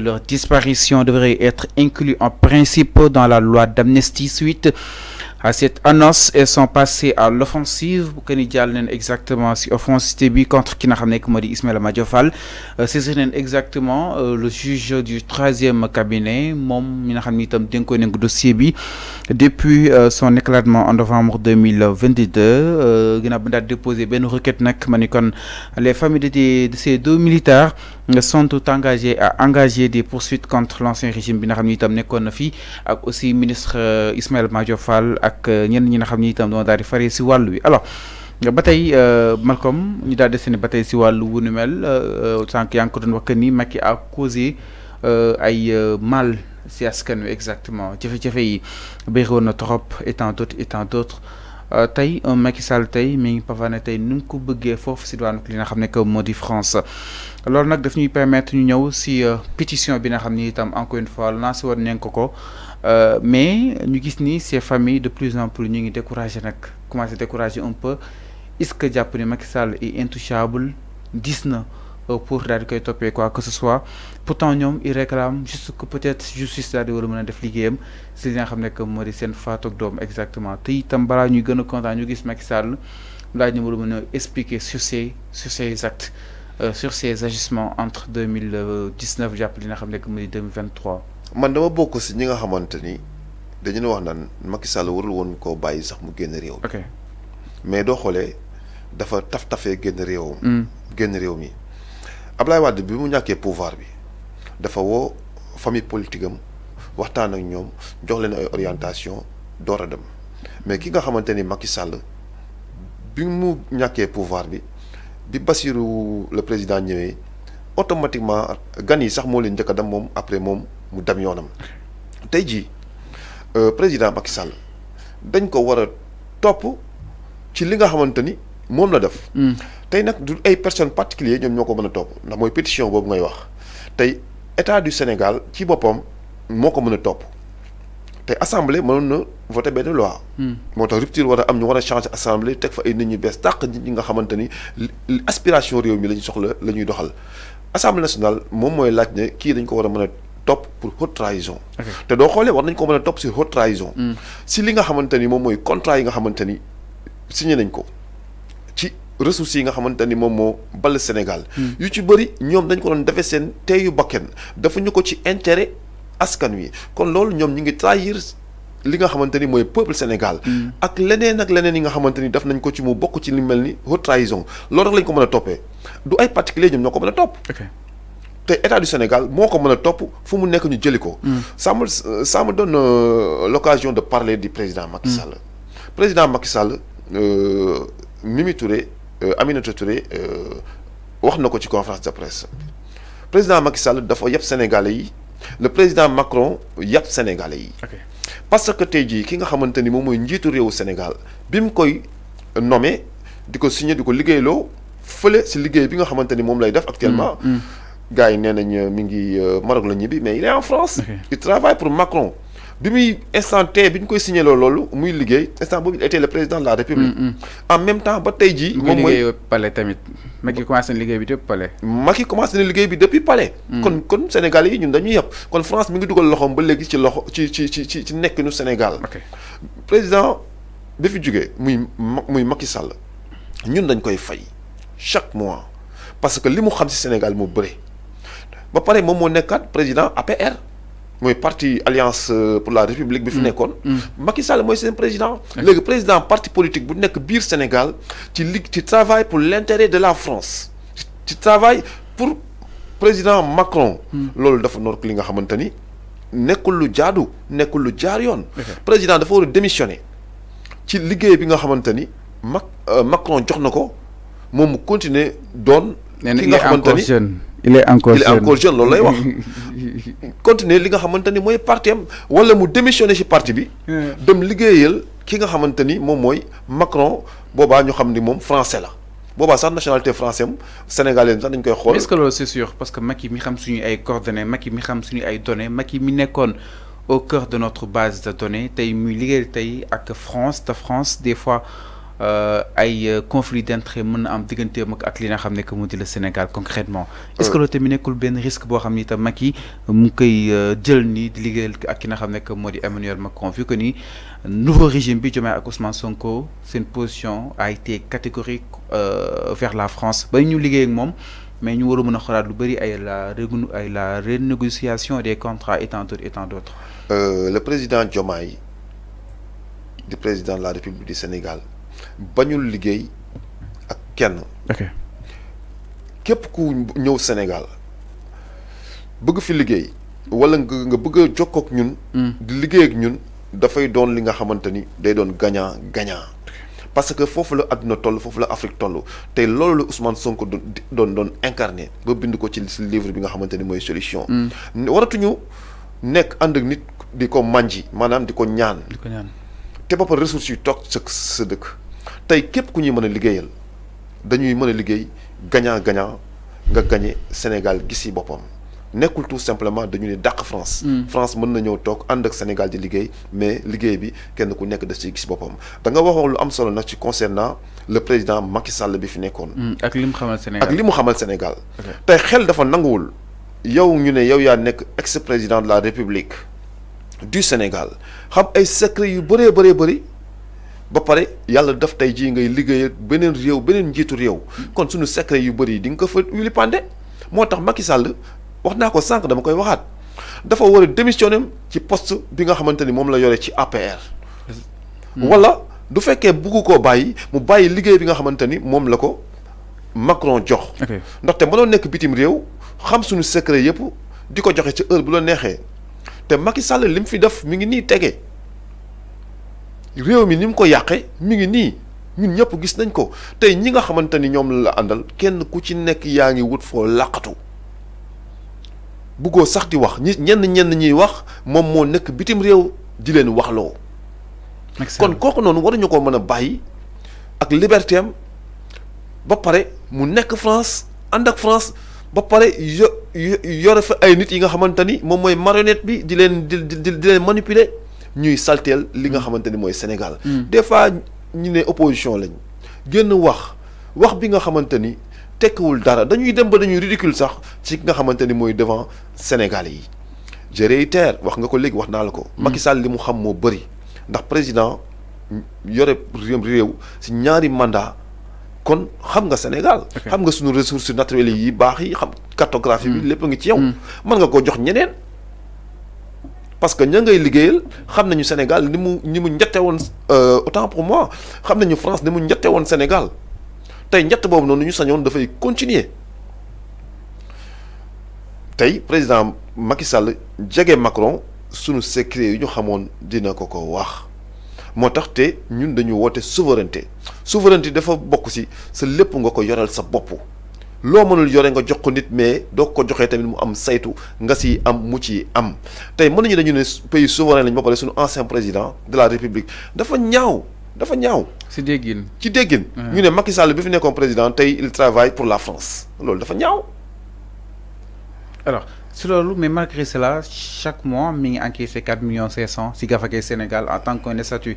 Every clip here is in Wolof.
leur disparition devrait être inclue en principe dans la loi d'amnistie suite à cette annonce Elles sont passés à l'offensive pour ko exactement si offensive contre ki Modi xam nekk C'est euh, exactement euh, le juge du 3e cabinet Mom mi nga xam depuis euh, son éclatement en novembre 2022 Il a déposé une requête nag les familles de ces deux militaires sont tout engagés à engager des poursuites contre l'ancien régime bi nga ne na fi ak aussi ministre euh, Ismaël Madjofal, Fall ak euh, ñen ñi nga xam ne itam si wi alors la bataille euh, Malcolm ñu daal di batay ci walu si wu nu mel sànq yaa encore doon wax que ni maki a causé ay mal ci askan ce exactement nous exactement yi fait woon na trop et tant d'autres et tant d'autres euh, tay euh, Macky Sall tay mi ngi pavane tay nu ko que France lool nak daf ñuy permettre ñu ñëw ci euh, pétition bi nga encore une fois ko mais ñu gis ni ces familles de plus en plus ñu ngi découragé nak commencé décourager un peu est-ce que japp ni Macky Sall est intouchable dis euh, pour daal di topé quoi que ce soit pourtant ñom ils réclament juste que peut-être justice la di war a def liggéeyam si nga que doom exactement te itam balaa ñu gëna a ñu gis Macky Sall laaj ñu mëna expliquer sur ces sur ces actes euh, sur ces agissements entre 2019 mille li nga xam que 2023 man dama bokku ci ñi nga xamanteni ni dañu wax naan Macky Sall warul won ko bayyi sax mu génn réew. ok mais do xolé dafa taf tafee génn réewam. Mm. génn réew mi. Ablaye Wade bi mu ñàkkee pouvoir bi dafa woo famille politique am waxtaan ak ñoom jox leen ay orientation door a dem mais ki nga xamante ni Macky Sall bi mu ñàkkee pouvoir bi bi Bassirou le président ñëwee otomatiquement gan yi sax moo leen njëkk a dem moom après moom mu dem yoonam tey jii euh, président Macky Sall dañ ko war a topp ci li nga xamante ni. moom la def. Hmm. tey nag du ay personnes particulières ñoom ñoo ko mën a topp ndax mooy pétition boobu ngay wax tey état du Sénégal ci boppam moo ko mën a topp te assemblée mënoon na voté benn loi. Hmm. moo tax rupture war a am ñu war a changer assemblée teg fa ay nit ñu bees tàq ñi nga xamante ni aspiration réew mi lañu soxla la ñuy doxal assemblée nationale moom mooy laaj ne kii dañ ko war a mën a topp pour haute trahison. te doo xoolee war nañ ko mën a topp si haute trahison. Hmm. si li nga xamante ni moom mooy contrat yi nga xamante ni signé nañ ko. ressources yi nga xamante mom mo ball Sénégal hmm. yu ci bëri ñom dañ ko doon defe sen teeyu bakken dafa ñu ko ci intérêt askan wi kon lool ñom ñi ngi trahir li nga xamante moy peuple Sénégal hmm. ak leneen ak leneen yi nga xamante daf nañ ko ci mu bokku ci li melni haute trahison lool rek lañ ko mën topé du ay particulier ñom ñoko ko top ok té te état du Sénégal moko ko top fu mu nekk ñu jëliko hmm. ça me ça me donne euh, l'occasion de parler du président Macky Sall président Macky Sall euh, Mimi Touré euh, Aminata Touré on euh, a ci conférence de presse président Macky Sall sénégalais le président Macron est sénégalais Sénégal. parce que tu qui ki nga xamante ni moom mooy Sénégal bim, nommé signé a fait actuellement. Mm, mm. il en France. il travaille pour Macron bi muy instant signé était le président de la république. Mm, mm. en même temps ba palais tamit. maki commencé bi depuis palais. maki commencé na bi depuis palais. Mm. kon kon Sénégal ñun dañuy kon France mi ngi duggal loxom ba légui ci loxo ci ci ci Sénégal. président bi fi muy muy Macky Sall ñun dañ koy fay chaque mois parce que qui, xam ci Sénégal ba président APR. Mon parti alliance euh, pour la république bi fi mm. nekkoon. Mm. Macky Sall mooy seen président. le président parti politique bu que bir Sénégal ci ci travail pour l'intérêt de la France tu travail pour président Macron. Mm. lolou dafa ko li nga xamante nekul lu jaadu nekul lu jaar yoon. président dafa war démissionner ci liggéey bi nga euh, Macron jox nako mom continuer nga il est encore il est jeune wax continuer li nga parti am wala mu ci parti bi dem ki nga Macron boba ñu français la nationalité est-ce que c'est sûr parce que Macky mi xam suñu ay coordonnées Macky mi xam suñu ay données Macky mi au cœur de notre base de données tay muy France de France des fois euh, ay euh, conflit d'entrée qui am que le Sénégal concrètement est-ce que le un risque pour euh, Emmanuel Macron que nouveau régime Ousmane position a été catégorique vers la France mais la renégociation des contrats et tant d'autres le président Diomaye le président de la République du Sénégal. bañul liggéey ak kenn. képp ku ñëw Sénégal bëgg fi liggéey wala nga bëgg a jokkoo ak ñun. Hmm. di liggéey ak ñun dafay doon li nga xamante ni day doon gagnant gañaa parce que foofu la àdduna toll foofu la Afrique toll te loolu la Ousmane Sonko doon doon incarné ba bind ko ci livre bi nga xamante ni mooy solution. Hmm. waratuñu nekk ànd nit di ko manji maanaam di ko ñaan. di ko ñaan te ba pare ressources toog sa sa dëkk. tay képp ku ñuy mën a liggéeyal dañuy mën a liggéey gagnant gagnant nga gagné Sénégal gis ci boppam nekkul tout simplement dañu ne dàq France. Mm. France mën na ñëw toog ànd ak Sénégal di liggéey mais liggéey bi kenn ku nekk da ci gis boppam da nga waxoon lu am solo nag ci concernant le président Macky Sall bi fi nekkoon. Mm. ak li mu xamal Sénégal ak li mu xamal Sénégal. tey xel dafa nanguwul yow ñu ne yow yaa nekk ex président de la République du Sénégal xam ay secret yu bëree bëree bëri. ba pare yàlla daf tey jii ngay liggéey beneen réew beneen njiitu réew kon suñu secret yu bëri di nga ko fa wili pande moo tax Macky Sall wax naa ko sànq dama koy waxaat dafa war a démissionné ci post bi nga xamante ni moom la yore ci APR. Hmm. du fekkee bugg koo bàyyi mu bàyyi liggéey bi nga xamante ni moom la ko Macron jox. ndaxte mënoo nekk bitim réew xam suñu secret yëpp di ko joxe ci heure bu la neexee te Macky Sall li mu fi def mi ngi nii tege. réew mi ni mu ko yàqee mi ngi nii ñun ñëpp gis nañ ko tey ñi nga xamante ni ñoom la àndal kenn ku ci nekk yaa ngi wut foo làqatu buggoo sax di wax ñi ñenn ñenn ñiy wax moom moo nekk bitim réew di leen waxloo. kon kooku noonu waruñu ko mën a bàyyi ak liberté ba pare mu nekk France ànd ak France ba pare yo yore fa ay nit yi nga xamante ni moom mooy marionnette bi di leen di di di leen manipuler. ñuy saltel li nga mm. Sénégal. Mm. des fois opposition lañu genn wax wax bi nga ni dara dañuy dem ba dañuy ridicule sax ci nga ni devant Sénégalais je réitère wax nga ko légui wax naa la ko. Mm. Macky Sall xam mo ndax président réew si ñaari mandat kon xam nga Sénégal. xam nga ressources naturelles cartographie parce que ña ngay liggéeyal xam nañu Sénégal ni mu ni mu won euh autant pour moi xam nañu France ni mu njette woon Sénégal tay njett bobu nonu ñu da fay continuer tay président Macky Sall jege Macron suñu secret ñu xamone dina ko ko wax motax té ñun dañu woté souveraineté souveraineté dafa bokku ci sa lépp nga ko yoral sa bopp lo mënul yore nga jox ko nit mais do ko joxé tamit mu am saytu nga si am mu ci am tay mën ñu dañu né pays souverain lañu bokalé suñu ancien président de la république dafa ñaaw dafa ñaaw. ci déggin ci déggin. ñu né Macky Sall bi fi nekkoon président tay il travaille pour la France loolu dafa ñaaw. alors si loolu mais malgré cela chaque mois mi ngi encaisser 4 millions 500 si Gafakay Sénégal en tant qu'un un statut.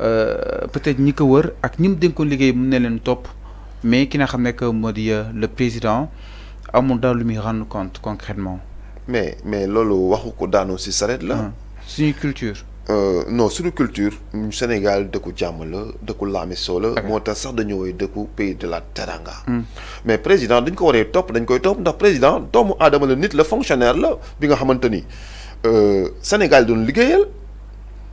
Euh, peut-être ñi ko wër ak ñi mu dénkoon liggéey mun ne leen mais ki n'a xam que moo euh, le président amul daal lu muy rendre compte concrètement mais mais lolu waxuko ko ci si saret la hein? suñu culture euh, non suñu culture Sénégal dëkku jàmm la dëkku laamisoo la moo tax sax dañu pays de la teranga hmm. mais président dañ ko top, topp dañ koy top, ndax président doomu aadama la nit le fonctionnaire la bi nga xamante ni Sénégal doon liggéeyal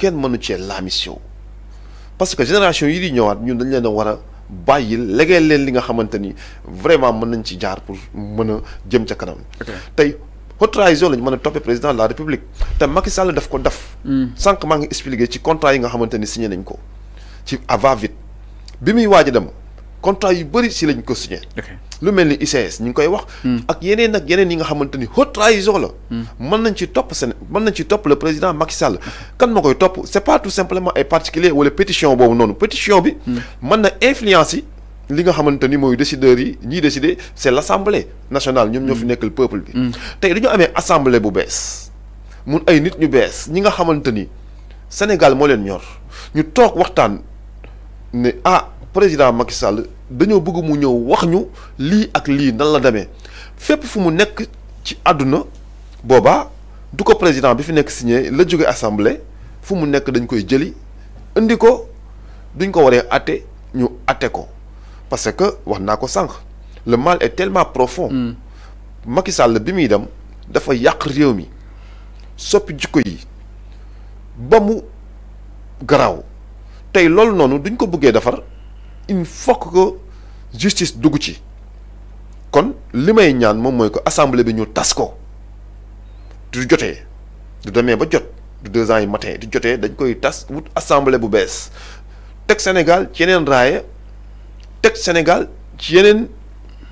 kenn mënu cee la mission parce que génération yi di ñëwaat ñun dañ leen a war a bàyyil legee leen li nga xamante ni vraiment mën nañ ci jaar pour mën a jëm ca kanam. tey haute trahison lañ mën a toppee président de la république te Macky Sall daf ko def. Hmm. sànq maa ngi expliqué ci contrat yi nga xamante ni signé nañ ko ci à va bi muy waaj a dem contrat yu bëri si lañ ko signé. lu mel ni ICS ñu ngi koy wax. Hmm. ak yeneen ak yeneen yi nga xamante ni haute trahison la. Hmm. mën nañ ci le président Macky Sall. kan ma koy topp c' pas tout simplement ay particulier wala pétition boobu noonu pétition bi. Hmm. mën na influence yi li nga xamante ni mooy décideurs yi ñiy décider c' est l' assemblée nationale ñoom ñoo fi nekkal peuple bi. tey dañu assemblée bu bees mun ay nit ñu bees ñi nga xamante Sénégal moo leen ñor ñu toog waxtaan ne ah président Macky dañoo bëgg mu ñëw wax ñu lii ak lii nan la demee fépp fu mu nekk ci àdduna boobaa du ko président bi fi nekk signé la jóge assemblée fu mu nekk dañ koy jëli indi ko duñ ko waree atte ñu atte ko parce que wax naa ko sànq le mal est tellement profond. Hmm. Macky bi muy dem dafa yàq réew mi soppi jukko yi ba mu garaaw tey loolu noonu duñ ko buggee defar. il faut ko justice dugg ci kon li may ñaan moom mooy ko assemblée bi ñu tas ko du jotee du demee ba jot du deux ans yi matin du jotee dañ koy tas wut assemblée bu bees teg Sénégal ci yeneen raaye teg Sénégal ci yeneen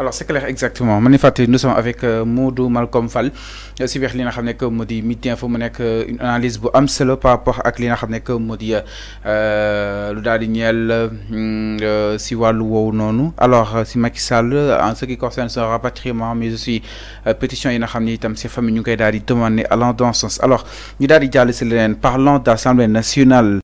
alors c'est clair exactement nous sommes avec euh, Modou Malcolm Fall euh, si Info euh, une analyse par rapport que mm, alors si Macky Sall en ce qui concerne son rapatriement mais aussi pétition yi a sens alors nous avons parlant d'Assemblée nationale